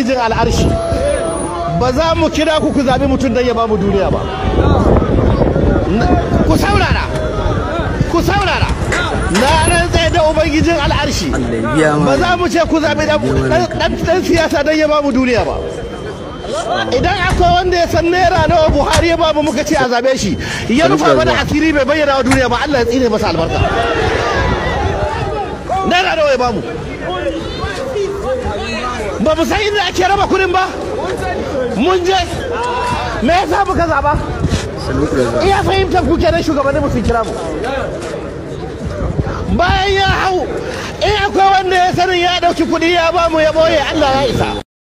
ubangijin al'arshi ba za mu kira ku ku zaɓi mutum don ya ba mu duniya ba ku saurara ku saurara na rantse da ubangijin al'arshi ba za mu ce ku zaɓi ɗan siyasa don ya ba mu duniya ba idan akwai wanda ya san naira nawa buhari ya ba mu muka ce a zaɓe shi ya rufa mana asiri bai bayyana wa duniya ba allah ya tsine masa albarka naira nawa ya ba mu ba mu san inda ake raba kudin ba mun je me yasa muka zaba iya fahimtar ku kenan shugabanni mu su kira mu bayan ya hau in akwai wanda ya sanin ya dauki kudi ya ba mu ya boye Allah ya isa